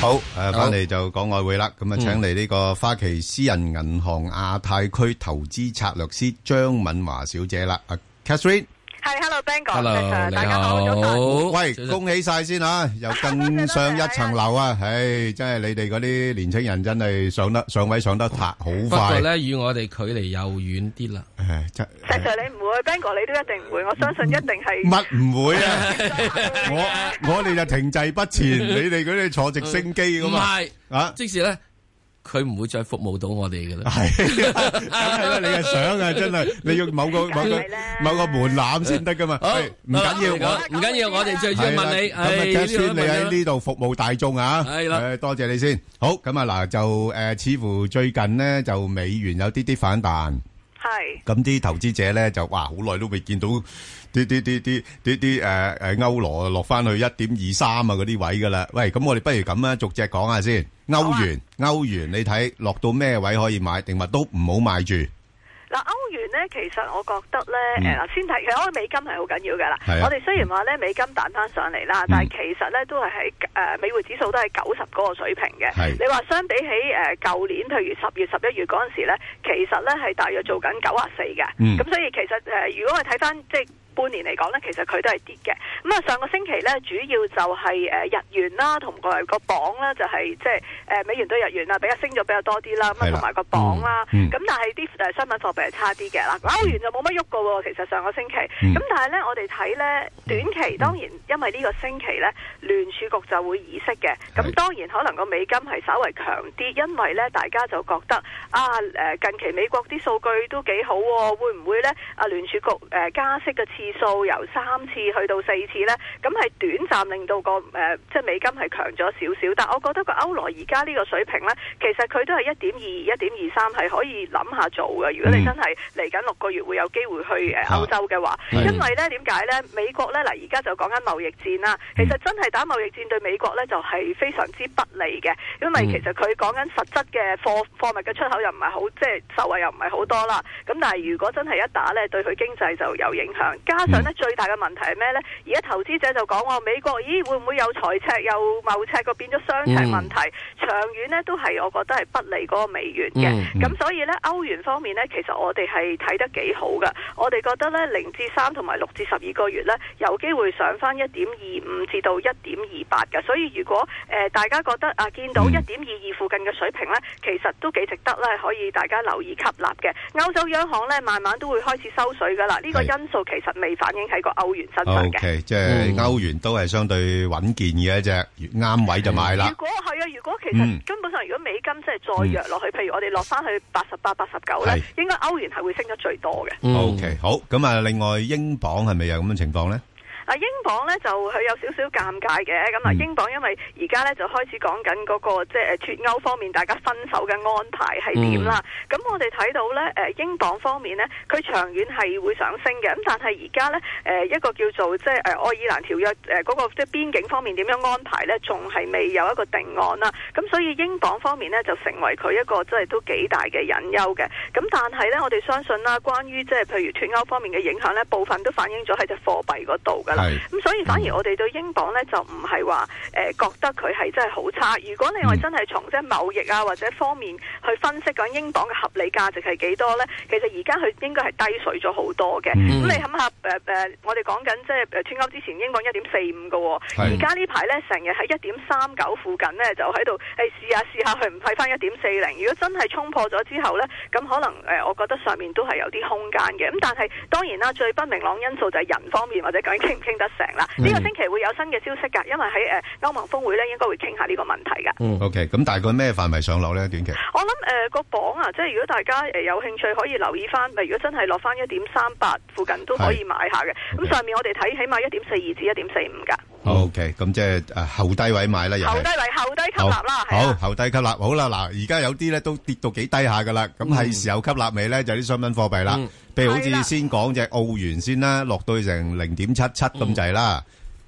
好，誒，翻嚟就講外匯啦。咁啊、嗯，請嚟呢個花旗私人銀行亞太區投資策略師張敏華小姐啦。嗯、啊，Catherine。係，Hello，Bango，你好，大家好，喂，恭喜晒先吓，又更上一層樓啊！唉，真係你哋嗰啲年青人真係上得上位上得快，好快。不過咧，與我哋距離又遠啲啦。唉，實在你唔會，Bango，你都一定唔會，我相信一定係。乜唔會啊？我我哋就停滯不前，你哋嗰啲坐直升機㗎嘛？唔係啊，即時咧。佢唔會再服務到我哋嘅啦，係，梗係啦，你係想啊，真係你要某個某個某個門檻先得噶嘛，唔、哎、緊要唔緊要我哋最主要問你，今日、啊哎、先，你喺呢度服務大眾啊，係啦、啊，誒多謝你先，好，咁啊嗱就誒、呃，似乎最近呢，就美元有啲啲反彈。係，咁啲投資者咧就哇，好耐都未見到啲啲啲啲啲誒誒歐羅落翻去一點二三啊嗰啲位噶啦，喂，咁我哋不如咁啊，逐隻講下先，歐元，歐元，你睇落到咩位可以買？定物都唔好買住。嗱，歐元咧，其實我覺得咧，誒、嗯，先睇其實歐美金係好緊要嘅啦。啊、我哋雖然話咧美金彈翻上嚟啦，嗯、但係其實咧都係喺誒美匯指數都係九十嗰個水平嘅。是你話相比起誒舊、呃、年，譬如十月十一月嗰陣時咧，其實咧係大約做緊九啊四嘅。咁、嗯、所以其實誒、呃，如果我哋睇翻即係。半年嚟講呢，其實佢都係跌嘅。咁啊，上個星期呢，主要就係誒日元啦，同個個榜咧就係即係誒美元對日元啊，比較升咗比較多啲啦。咁同埋個榜啦。咁、嗯、但係啲誒商品貨幣係差啲嘅啦，澳元就冇乜喐過，其實上個星期，咁、嗯、但係呢，我哋睇呢短期，當然因為呢個星期呢，聯儲局就會議息嘅。咁當然可能個美金係稍為強啲，因為呢大家就覺得啊，誒近期美國啲數據都幾好，會唔會呢？啊聯儲局誒加息嘅次。數由三次去到四次呢，咁係短暫令到個誒、呃，即係美金係強咗少少，但我覺得個歐羅而家呢個水平呢，其實佢都係一點二一點二三係可以諗下做嘅。如果你真係嚟緊六個月會有機會去誒歐洲嘅話，嗯、因為呢點解呢？美國呢，嗱而家就講緊貿易戰啦。其實真係打貿易戰對美國呢，就係、是、非常之不利嘅，因為其實佢講緊實質嘅貨貨物嘅出口又唔係好，即、就、係、是、受惠又唔係好多啦。咁但係如果真係一打呢，對佢經濟就有影響。加上咧最大嘅問題係咩呢？而家投資者就講，我美國咦會唔會有財赤又貿赤個變咗雙赤問題。嗯、長遠呢都係我覺得係不利嗰個美元嘅。咁、嗯、所以呢歐元方面呢其實我哋係睇得幾好嘅。我哋覺得呢零至三同埋六至十二個月呢有機會上翻一點二五至到一點二八嘅。所以如果誒、呃、大家覺得啊，見到一點二二附近嘅水平呢，其實都幾值得咧，可以大家留意吸納嘅。歐洲央行呢慢慢都會開始收水噶啦，呢、這個因素其實、嗯。未反映喺個歐元身上嘅，okay，即係歐元都係相對穩健嘅一隻，啱位就買啦。如果係啊，如果其實根本上，如果美金即係再弱落去，嗯、譬如我哋落翻去八十八、八十九咧，應該歐元係會升得最多嘅。OK，好，咁啊，另外英鎊係咪有咁嘅情況咧？啊，英鎊咧就佢有少少尷尬嘅，咁啊，英鎊因為而家咧就開始講緊嗰個即係、就是、脫歐方面大家分手嘅安排係點啦。咁、嗯、我哋睇到咧，誒英鎊方面呢，佢長遠係會上升嘅。咁但係而家咧，誒、呃、一個叫做、呃呃那個、即係誒愛爾蘭條約誒嗰個即係邊境方面點樣安排咧，仲係未有一個定案啦。咁所以英鎊方面呢，就成為佢一個即係都幾大嘅隱憂嘅。咁但係呢，我哋相信啦，關於即係譬如脫歐方面嘅影響呢，部分都反映咗喺隻貨幣嗰度嘅。咁是、嗯、所以反而我哋對英鎊咧就唔係話誒覺得佢係真係好差。如果你話真係從即係貿易啊或者方面去分析緊英鎊嘅合理價值係幾多咧，其實而家佢應該係低水咗好多嘅。咁、嗯、你諗下誒誒、呃，我哋講緊即係脱歐之前英鎊一點四五嘅，而、呃、家是呢排咧成日喺一點三九附近咧就喺度誒試下試下去唔係翻一點四零。如果真係衝破咗之後咧，咁可能誒、呃、我覺得上面都係有啲空間嘅。咁但係當然啦，最不明朗因素就係人方面或者究竟。傾得成啦，呢、嗯、個星期會有新嘅消息噶，因為喺誒歐盟峰會咧，應該會傾下呢個問題噶。嗯，OK，咁大概咩範圍上落咧？短期我諗誒、呃、這個榜啊，即係如果大家誒、呃、有興趣可以留意翻，咪如果真係落翻一點三八附近都可以買下嘅。咁上面我哋睇起碼一點四二至一點四五㗎。O K，咁即係誒后低位買啦，又后低位后低位吸納啦，好后低位吸納，好啦，嗱，而家有啲咧都跌到幾低下噶啦，咁係時候吸納未咧？就啲商品貨幣啦，譬如好似先講隻澳元先啦，落到成零點七七咁滯啦，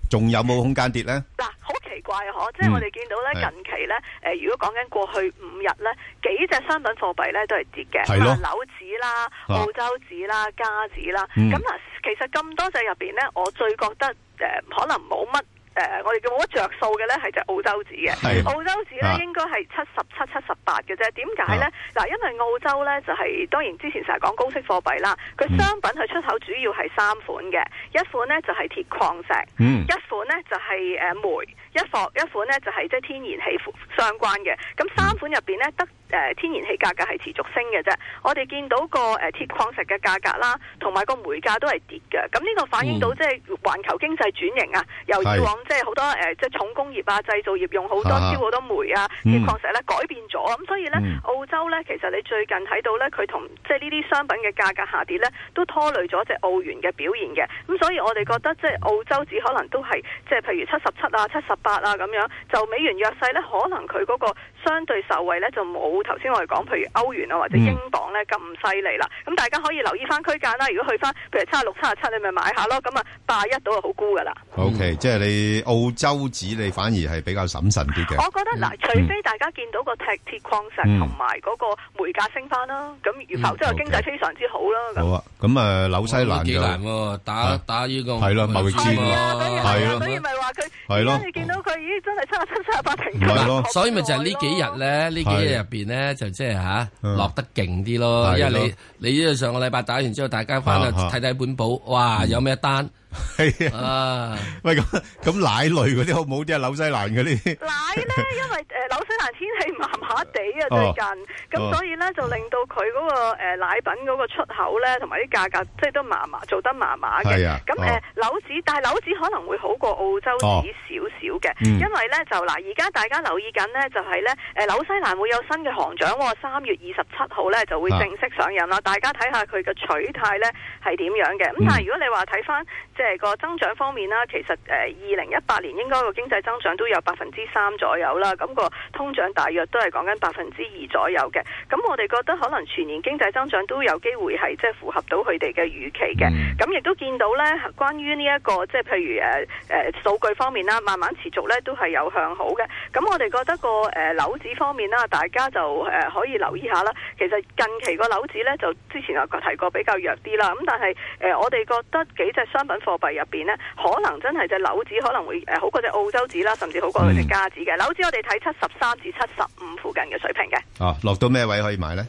仲有冇空間跌咧？嗱，好奇怪嗬，即係我哋見到咧近期咧，誒，如果講緊過去五日咧，幾隻商品貨幣咧都係跌嘅，麥紐紙啦、澳洲紙啦、加紙啦，咁嗱，其實咁多隻入邊咧，我最覺得。呃、可能冇乜誒，我哋叫冇乜着數嘅呢係就是澳洲紙嘅。的澳洲紙呢，應該係七十七、七十八嘅啫。點解呢？嗱、啊，因為澳洲呢就係、是、當然之前成日講高息貨幣啦。佢商品佢出口主要係三款嘅，一款呢就係鐵礦石、嗯一就是，一款呢就係誒煤，一房一款呢就係即係天然氣相關嘅。咁三款入邊呢。得。誒、呃、天然氣價格係持續升嘅啫，我哋見到個誒、呃、鐵礦石嘅價格啦，同埋個煤價都係跌嘅，咁呢個反映到即係環球經濟轉型啊，由以往、嗯呃、即係好多誒即係重工業啊、製造業用好多燒好多煤啊、鐵礦石咧改變咗，咁所以咧、嗯、澳洲咧其實你最近睇到咧佢同即係呢啲商品嘅價格下跌咧，都拖累咗隻澳元嘅表現嘅，咁所以我哋覺得即係澳洲只可能都係即係譬如七十七啊、七十八啊咁樣，就美元弱勢咧，可能佢嗰個。相對受惠咧就冇頭先我哋講，譬如歐元啊或者英鎊咧咁犀利啦。咁、嗯、大家可以留意翻區間啦。如果去翻譬如七十六七十七，76, 77, 你咪買下咯。咁啊八一都係好沽噶啦。O、okay, K，、嗯、即係你澳洲紙你反而係比較審慎啲嘅。我覺得嗱、嗯，除非大家見到個鐵鐵礦石同埋嗰個煤價升翻啦，咁然、嗯、即係經濟非常之好啦。嗯 okay、好啊，咁啊紐西蘭嘅打打呢、這個係咯，貿、啊、易戰所以咪話。係咯，跟住見到佢，咦！真係七十七、七十八停。係咯，所以咪就係呢幾日咧，呢幾日入邊咧，就即係吓落得勁啲咯。因為你你呢度上個禮拜打完之後，大家翻去睇睇本簿哇！嗯、有咩單？係、哎、啊，喂咁咁奶類嗰啲好唔好啲啊？紐西蘭嗰啲奶呢？因為誒紐、呃、西蘭天氣麻麻地啊最近，咁、哦、所以呢，就令到佢嗰、嗰個誒、呃、奶粉嗰個出口呢，同埋啲價格即係都麻麻，做得麻麻嘅。咁誒紐紙，但係紐紙可能會好過澳洲紙少少嘅，因為呢，就嗱而家大家留意緊呢、就係，就係呢誒紐西蘭會有新嘅行長，三月二十七號呢就會正式上任啦。啊、大家睇下佢嘅取態呢，係點樣嘅。咁但係如果你話睇翻即係個增長方面啦，其實誒，二零一八年應該個經濟增長都有百分之三左右啦。咁個通脹大約都係講緊百分之二左右嘅。咁我哋覺得可能全年經濟增長都有機會係即係符合到佢哋嘅預期嘅。咁亦都見到呢關於呢、這、一個即係譬如誒誒數據方面啦，慢慢持續呢都係有向好嘅。咁我哋覺得個誒樓市方面啦，大家就誒可以留意下啦。其實近期個樓市呢，就之前又提過比較弱啲啦。咁但係誒我哋覺得幾隻商品房貨幣入邊咧，可能真係隻紐紙可能會誒好過隻澳洲紙啦，甚至好過佢隻加紙嘅紐紙。我哋睇七十三至七十五附近嘅水平嘅，落到咩位可以買咧？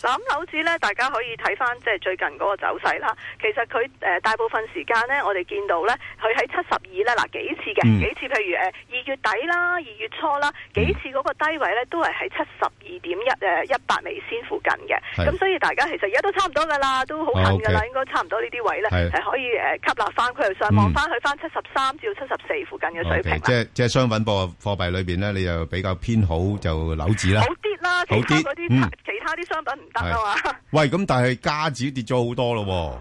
嗱咁樓指咧，大家可以睇翻即係最近嗰個走勢啦。其實佢誒大部分時間咧，我哋見到咧，佢喺七十二咧，嗱幾次嘅幾次，譬如誒二月底啦、二月初啦，幾次嗰個低位咧，都係喺七十二點一誒一百美仙附近嘅。咁所以大家其實而家都差唔多噶啦，都好近噶啦，應該差唔多呢啲位咧係可以誒吸納翻佢，又上望翻去翻七十三至到七十四附近嘅水平。即係即係商品貨貨幣裏邊咧，你就比較偏好就樓指啦，好啲啦，其他嗰啲其他啲商品。啊，喂，咁但係家子跌咗好多咯。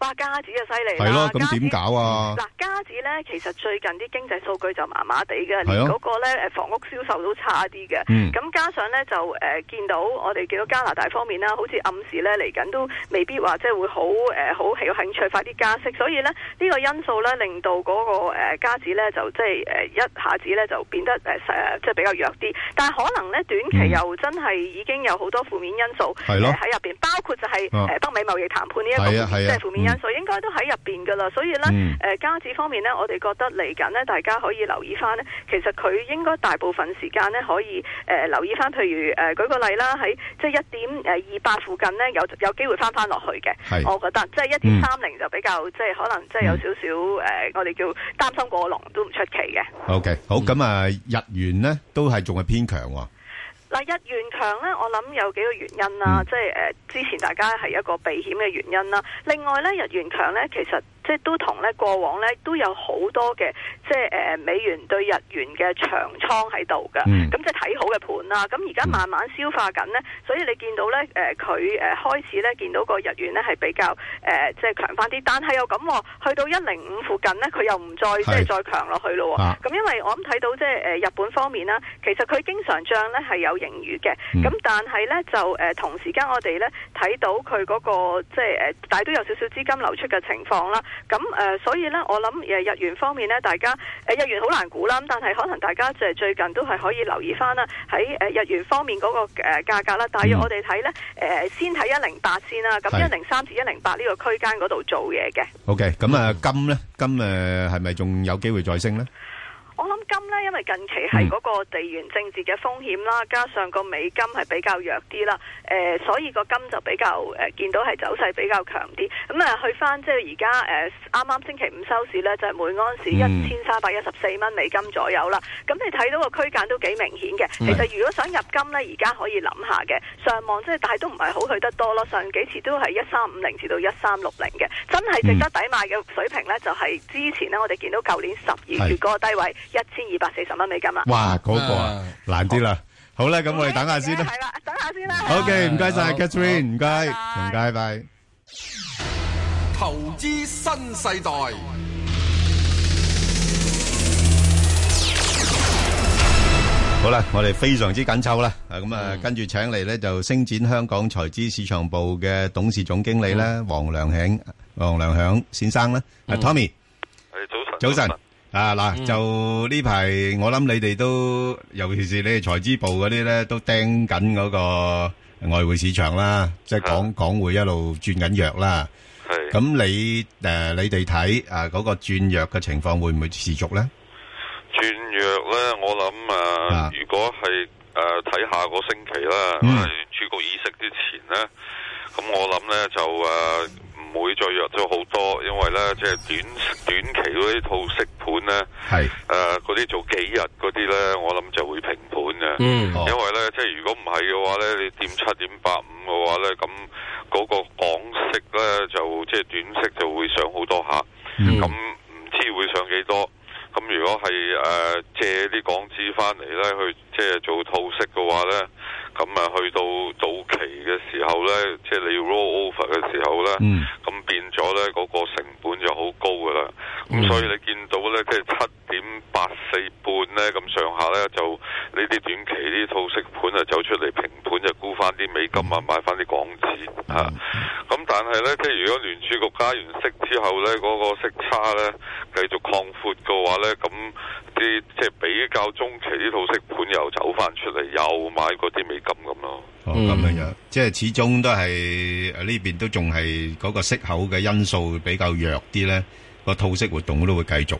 哇！加紙就犀利啦，咁點搞啊？嗱，加紙咧，其實最近啲經濟數據就麻麻地嘅，嗰個咧誒房屋銷售都差啲嘅。咁加上咧就誒見到我哋見到加拿大方面啦，好似暗示咧嚟緊都未必話即係會好誒好係個興趣快啲加息，所以咧呢個因素咧令到嗰個誒加紙咧就即係誒一下子咧就變得誒誒即係比較弱啲。但係可能咧短期又真係已經有好多負面因素喺入邊，包括就係誒北美貿易談判呢一個即係負面。因素、嗯、應該都喺入邊噶啦，所以咧誒，加、嗯呃、指方面咧，我哋覺得嚟緊咧，大家可以留意翻咧，其實佢應該大部分時間咧可以誒、呃、留意翻，譬如誒、呃、舉個例啦，喺即係一點誒二八附近咧有有機會翻翻落去嘅。是我覺得即係一點三零就比較即係可能即係有少少誒，我哋叫擔心過龍都唔出奇嘅。O、okay, K，好咁啊，日元咧都係仲係偏強，日元強呢，我諗有幾個原因啦、啊，即係、呃、之前大家係一個避險嘅原因啦、啊，另外呢日元強呢，其實。即係都同咧過往咧都有好多嘅即係誒美元對日元嘅長倉喺度㗎，咁、嗯、即係睇好嘅盤啦、啊。咁而家慢慢消化緊咧，嗯、所以你見到咧誒佢誒開始咧見到個日元咧係比較誒即係強返啲，但係又咁去到一零五附近咧，佢又唔再是即係再強落去咯。咁、啊、因為我諗睇到即係誒日本方面啦，其實佢經常帳咧係有盈餘嘅，咁、嗯嗯、但係咧就誒、呃、同時間我哋咧睇到佢嗰、那個即係誒但係都有少少資金流出嘅情況啦。咁誒、呃，所以咧，我諗誒日元方面咧，大家誒、呃、日元好難估啦。咁但係可能大家就最近都係可以留意返啦，喺誒、呃、日元方面嗰、那個誒、呃、價格啦。大約我哋睇咧，誒、呃、先睇一零八先啦。咁一零三至一零八呢個區間嗰度做嘢嘅。OK，咁啊金咧，金誒係咪仲有機會再升咧？我諗金呢，因為近期係嗰個地緣政治嘅風險啦，加上個美金係比較弱啲啦，誒、呃，所以個金就比較誒、呃、見到係走勢比較強啲。咁、嗯、啊，去翻即係而家誒啱啱星期五收市呢，就係、是、每安士一千三百一十四蚊美金左右啦。咁、嗯、你睇到個區間都幾明顯嘅。嗯、其實如果想入金呢，而家可以諗下嘅上望，即係但係都唔係好去得多咯。上幾次都係一三五零至到一三六零嘅，真係值得抵買嘅水平呢。嗯、就係之前呢，我哋見到舊年十二月嗰個低位是。一千二百四十蚊美金啦！哇，嗰個啊，難啲啦。好啦，咁我哋等下先啦。係啦，等下先啦。OK，唔該晒，Catherine，唔該，同拜拜。投資新世代。好啦，我哋非常之緊湊啦。咁啊，跟住請嚟咧，就星展香港財資市場部嘅董事總經理咧，王良享，王良享先生咧，係 Tommy。係早晨，早晨。啊嗱，就呢排我諗你哋都，尤其是你哋財資部嗰啲咧，都盯緊嗰個外匯市場啦，即係港港匯一路轉緊弱啦。係咁你誒，你哋睇啊嗰個轉弱嘅情況會唔會持續咧？轉弱咧，我諗啊，如果係誒睇下個星期啦，係儲局議息之前咧，咁我諗咧就誒。會再弱咗好多，因為呢，即係短短期嗰啲套息盤呢，係誒嗰啲做幾日嗰啲呢，我諗就會平盤嘅。嗯，因為呢，即係如果唔係嘅話呢，你掂七點八五嘅話呢，咁嗰個港息呢，就即係短息就會上好多下，咁唔、嗯、知會上幾多。咁如果係誒、呃、借啲港資翻嚟呢，去即係做套息嘅話呢。嗯咁啊，去到到期嘅時候呢，即係你要 rollover 嘅時候呢，咁、嗯、變咗呢嗰個成本就好高噶啦。咁、嗯、所以你見到呢，即係七點八四半呢，咁上下呢，就呢啲短期呢套息盤啊走出嚟，平盤就沽翻啲美金啊，買翻啲港紙嚇。咁但係呢，即係如果聯儲局加完息之後呢，嗰個息差呢繼續擴闊嘅話呢，咁啲即係比較中期啲套息盤又走翻出嚟，又買嗰啲美。咁咁咯，哦咁樣樣，即係始終都係誒呢邊都仲係嗰個息口嘅因素比較弱啲咧，個套息活動都會繼續。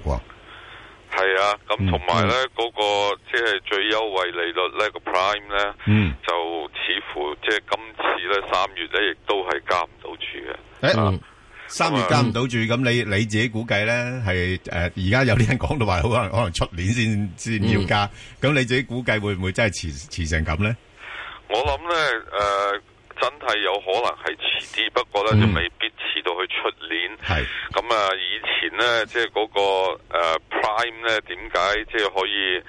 係啊，咁同埋咧嗰個即係最優惠利率咧個 prime 咧，就似乎即係今次咧三月咧亦都係加唔到住嘅。誒，三月加唔到住，咁你你自己估計咧係誒而家有啲人講到話可能可能出年先先要加，咁你自己估計會唔會真係遲遲成咁咧？我諗咧，誒、呃，真係有可能係遲啲，不過咧就、嗯、未必遲到去出年。係是，咁啊、嗯，以前咧，即係嗰、那個誒、呃、Prime 咧，點解即係可以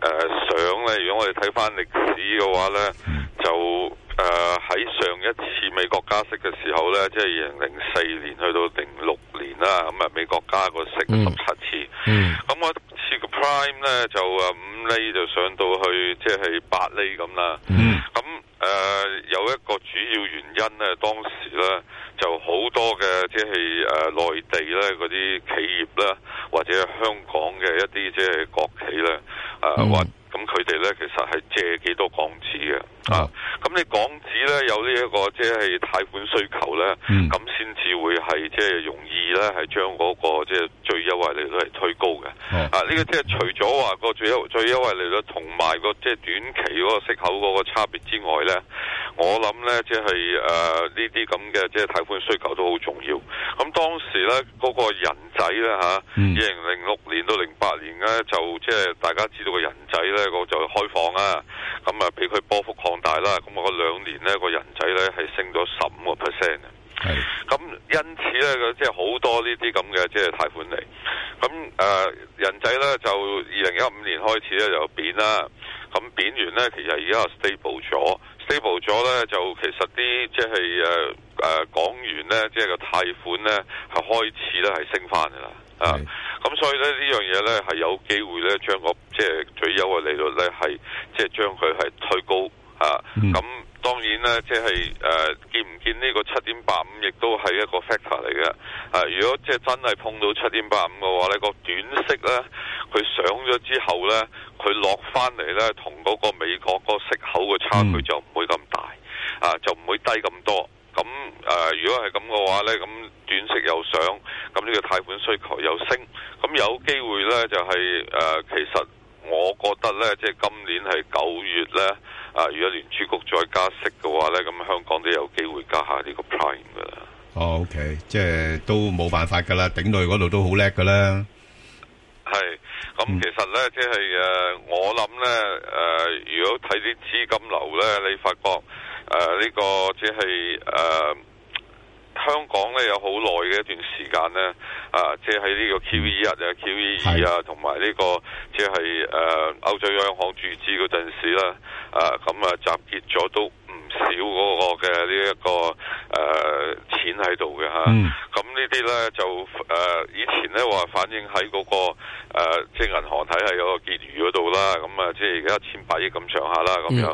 誒上咧？如果我哋睇翻歷史嘅話咧，嗯、就誒喺、呃、上一次美國加息嘅時候咧，即係二零零四年去到零六年啦，咁、嗯、啊，嗯嗯、美國加個息十七次，咁我、嗯嗯嗯、次個 Prime 咧就誒。嗯就上到去即係八厘咁啦，咁誒有一個主要原因咧，當時咧就好多嘅即係誒內地咧嗰啲企業咧，或者香港嘅一啲即係國企咧，啊或咁佢哋咧其實係借幾多港紙嘅啊，咁、啊、你港紙咧有呢、這、一個即係貸款需求咧，咁先至會係即係容易咧係將嗰個即係。優惠利率係推高嘅， 啊呢、這個即係除咗話個最優最優惠利率，同埋個即係短期嗰個息口嗰個差別之外咧，我諗咧即係誒呢啲咁嘅即係貸款需求都好重要。咁、啊、當時咧嗰、那個人仔咧吓，二零零六年到零八年咧就即係大家知道個人仔咧，我、那個、就開放啊，咁啊俾佢波幅擴大啦。咁我兩年咧、那個人仔咧係升咗十五個 percent。咁 因此咧，佢即係好多呢啲咁嘅即係貸款嚟。咁誒，人仔咧就二零一五年開始咧就貶啦。咁貶完咧，其實而家係 stable 咗。stable 咗咧，就其實啲即係誒誒港元咧，即係個貸款咧係開始咧係升翻噶啦。啊是，咁所以咧呢樣嘢咧係有機會咧將個即係最優惠利率咧係即係將佢係推高啊。咁、嗯、當然咧即係誒。呢個七點八五亦都係一個 factor 嚟嘅。啊，如果即係真係碰到七點八五嘅話呢，呢個短息呢，佢上咗之後呢，佢落翻嚟呢，同嗰個美國嗰個息口嘅差距就唔會咁大，啊，就唔會低咁多。咁啊，如果係咁嘅話呢，咁短息又上，咁呢個貸款需求又升，咁有機會呢，就係、誒、啊，其實我覺得呢，即係今年係九月呢。啊！如果聯儲局再加息嘅話呢，咁香港都有機會加下呢個 prime 噶啦。哦、oh，OK，即係都冇辦法噶啦，頂到嗰度都好叻噶啦。係，咁其實呢，即係誒，我諗呢，誒、呃，如果睇啲資金流呢，你發覺誒呢，呃，呢個即係誒香港呢，有好耐嘅一段時間呢。啊，即係呢個 QE 一啊、嗯、QE 二啊，同埋呢個即係誒歐洲央行注資嗰陣時咧，啊咁啊集結咗都唔少嗰個嘅、這個呃嗯、呢一個誒錢喺度嘅吓。咁呢啲咧就誒、呃、以前咧話反映喺嗰、那個誒即係銀行體系嗰個結餘嗰度啦。咁、呃、啊即係而家一千百億咁上下啦咁樣。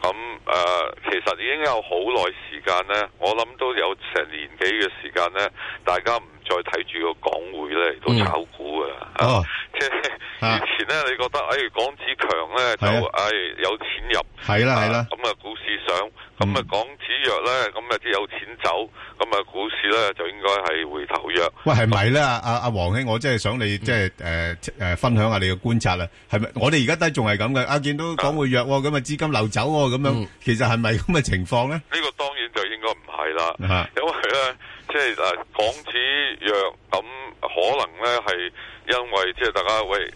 咁誒、嗯呃、其實已經有好耐時間咧，我諗都有成年幾嘅時間咧，大家唔。再睇住個港匯咧，嚟到炒股啊！哦，即係以前咧，你覺得誒港紙強咧就誒有錢入，係啦係啦。咁啊股市上，咁啊港紙弱咧，咁啊啲有錢走，咁啊股市咧就應該係回頭弱。喂，係咪咧，阿阿王兄，我真係想你即係誒誒分享下你嘅觀察啦？係咪？我哋而家都仲係咁嘅，啊見到港匯弱喎，咁啊資金流走喎，咁樣其實係咪咁嘅情況咧？呢個當然就應該唔係啦，因為咧即係誒港紙。可能咧係因為即係大家喂誒誒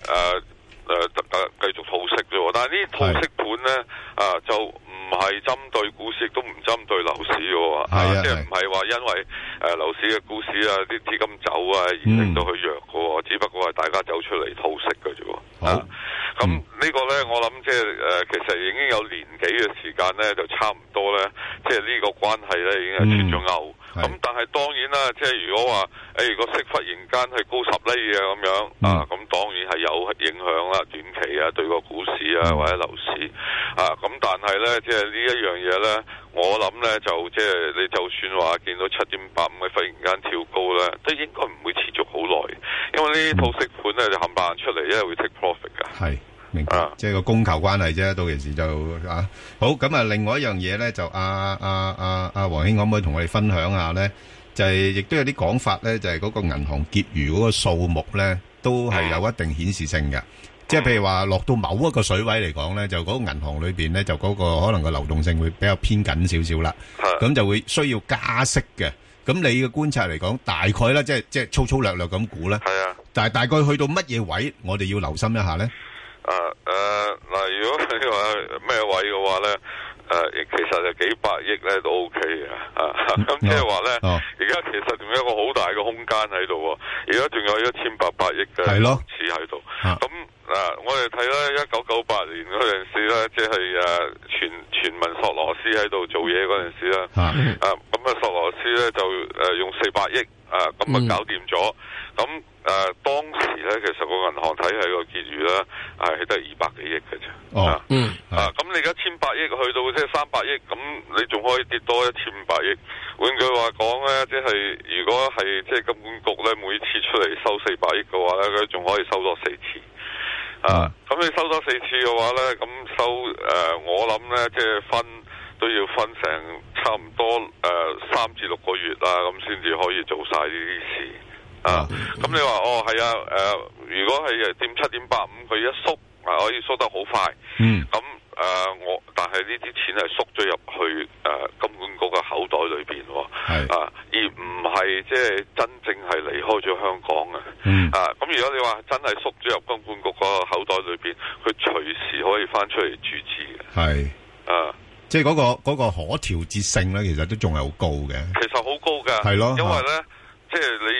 誒繼續套息啫，但係呢套息盤咧啊就唔係針對股市，亦都唔針對樓市嘅，即係唔係話因為誒樓、呃、市嘅股市啊啲資金走啊，而令到佢弱嘅，嗯、只不過係大家走出嚟套息嘅啫。啊咁呢、嗯、個呢，我諗即係、呃、其實已經有年幾嘅時間呢，就差唔多呢，即係呢個關係呢已經係脫咗鈎。咁、嗯、但係當然啦，即係如果話誒、呃，如果息忽然間係高十厘嘅咁樣啊，咁當然係有影響啦，短期啊對個股市啊、嗯、或者樓市、嗯、啊。咁但係呢，即係呢一樣嘢呢，我諗呢，就即係你就算話見到七點八五嘅忽然間跳高呢，都應該唔會持續好耐，因為呢套息盤呢，就冚唪唥出嚟，因為會 take profit 㗎。係、嗯。嗯明白，啊、即係個供求關係啫。到時就啊好咁啊。另外一樣嘢咧，就阿阿阿阿王兄可唔可以同我哋分享下咧？就係、是、亦都有啲講法咧，就係、是、嗰個銀行結餘嗰個數目咧，都係有一定顯示性嘅。啊、即係譬如話落到某一個水位嚟講咧，就嗰個銀行裏邊咧，就嗰個可能個流動性會比較偏緊少少啦。係咁、啊、就會需要加息嘅。咁你嘅觀察嚟講，大概咧，即係即係粗粗略略咁估咧。係啊，但係大概去到乜嘢位，我哋要留心一下咧。誒，嗱、呃，如果你話咩位嘅話咧，誒、呃，其實係幾百億咧都 O K 嘅，啊，咁即係話咧，而家、嗯哦、其實仲有一個好大嘅空間喺度，而家仲有一千八百億嘅錢喺度。咁嗱，我哋睇咧一九九八年嗰陣時咧，即係誒，傳傳聞索羅斯喺度做嘢嗰陣時啦，啊，咁啊、呃就是、索羅斯咧就誒用四百億啊，咁啊,啊,、呃、啊搞掂咗。嗯咁誒、啊、當時咧，其實個銀行體系個結餘咧，係得二百幾億嘅啫。哦，嗯，啊，咁你而家千百億去到即係三百億，咁你仲可以跌多一千五百億。換句話講咧，即、就、係、是、如果係即係金管局咧，每次出嚟收四百億嘅話咧，佢仲可以收多四次。啊，咁、嗯、你收多四次嘅話咧，咁收誒、呃，我諗咧，即、就、係、是、分都要分成差唔多誒三至六個月啦，咁先至可以做晒呢啲事。啊，咁你話哦係啊，誒、呃，如果係點七點八五佢一縮，啊可以縮得好快，嗯，咁誒、啊、我，但係呢啲錢係縮咗入去誒金管局個口袋裏邊，係是啊，而唔係即係真正係離開咗香港嘅，嗯、啊，咁如果你話真係縮咗入金管局個口袋裏邊，佢隨時可以翻出嚟注資嘅，係是，啊，即係嗰、嗰個、嗰個可調節性咧，其實都仲係好高嘅，其實好高㗎，係咯的，的因為咧即係你。的為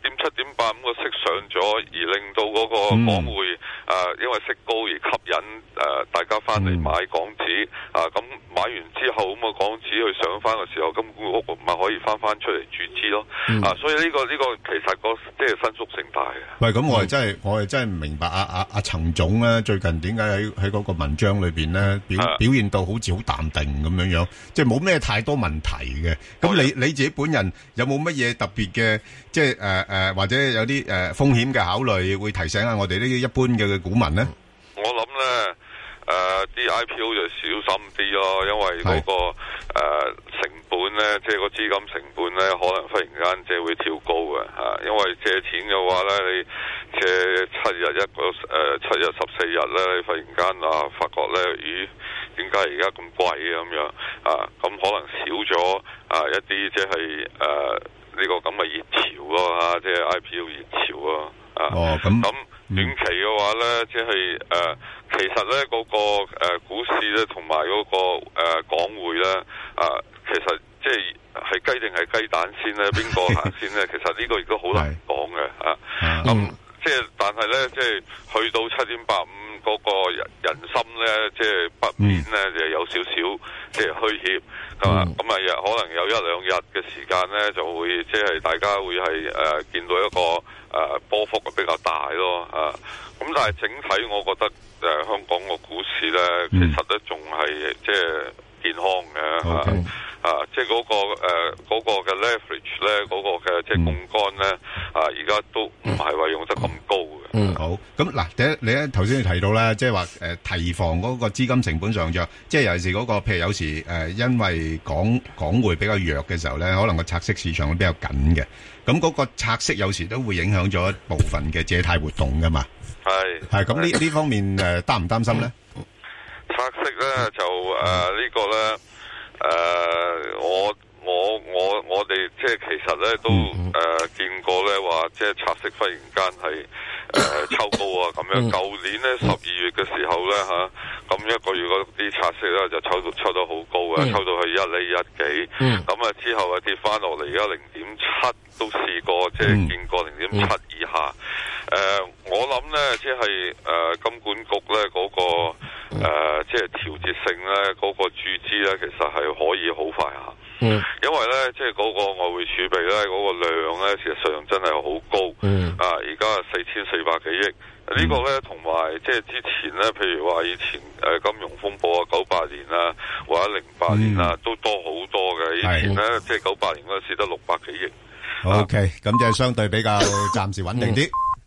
點八咁個息上咗，而令到嗰個港匯啊，因為息高而吸引誒大家翻嚟買港紙啊。咁買完之後咁個港紙去上翻嘅時候，金管局咪可以翻翻出嚟注資咯。啊，所以呢個呢個其實個即係伸縮性大。喂，咁我係真係我係真係唔明白阿阿阿陳總咧，最近點解喺喺嗰個文章裏邊咧表表現到好似好淡定咁樣樣，即係冇咩太多問題嘅。咁你你自己本人有冇乜嘢特別嘅，即係誒誒或即係有啲誒、呃、風險嘅考慮，會提醒下我哋呢啲一般嘅股民呢。我諗呢誒啲、呃、IPO 就小心啲咯，因為嗰、嗰個是、呃、成本呢，即係個資金成本呢，可能忽然間即係會跳高嘅嚇、啊。因為借錢嘅話呢你借七日一個誒、呃、七日十四日呢，你忽然間啊發覺呢，咦點解而家咁貴咁樣啊？咁、啊嗯、可能少咗啊、呃、一啲即係誒。呃呢個咁嘅熱潮咯嚇，即係 IPO 熱潮咯啊！啊哦，咁、嗯、咁、啊、短期嘅話咧，即係誒，其實咧嗰、嗰個、呃、股市咧，同埋嗰個、呃、港匯咧，啊，其實即係係雞定係雞蛋先咧，邊個行先咧？ 其實個呢個亦都好難講嘅嚇。咁即係但係咧，即係去到七點八五。嗰個人，人心咧，即係不免咧，就有少少即係虛怯，係嘛？咁啊、嗯，可能有一兩日嘅時間咧，就會即係大家會係誒、呃、見到一個誒、呃、波幅比較大咯，啊！咁但係整體，我覺得誒、呃、香港個股市咧，嗯、其實都仲係即係健康嘅嚇，啊！Okay. 啊即係嗰、那個誒嘅 leverage 咧，嗰、呃那個嘅、那個、即係槓桿咧，啊而家都唔係話用得咁。嗯，好。咁嗱，第一，你咧頭先你提到啦，即係話誒提防嗰個資金成本上漲，即係尤其是嗰個，譬如有時誒，因為港港匯比較弱嘅時候咧，可能個拆息市場會比較緊嘅。咁嗰個拆息有時都會影響咗部分嘅借貸活動㗎嘛。係係咁呢呢方面誒擔唔擔心咧？拆息咧就誒呢個咧誒我我我我哋即係其實咧都誒見過咧話，即係拆息忽然間係，誒、呃，抽高啊，咁樣，舊、嗯、年咧十二月嘅時候咧吓，咁、啊、一個月嗰啲拆息咧就抽到抽到好高啊，嗯、抽到去一厘一幾，咁啊、嗯、之後啊跌翻落嚟，而家零點七都試過，即係、嗯、見過零點七以下。誒、呃，我諗咧即係誒金管局咧嗰、那個誒即係調節性咧嗰、那個注資咧，其實係可以好快啊。嗯，因為咧，即係嗰個外匯儲備咧，嗰個量咧，事實上真係好高。嗯，啊，而家係四千四百幾億，呢個咧同埋即係之前咧，譬如話以前誒金融風暴啊，九八年啊，或者零八年啊，嗯、都多好多嘅。以前咧，即係九八年嗰時得六百幾億。O K，咁就係相對比較暫時穩定啲。嗯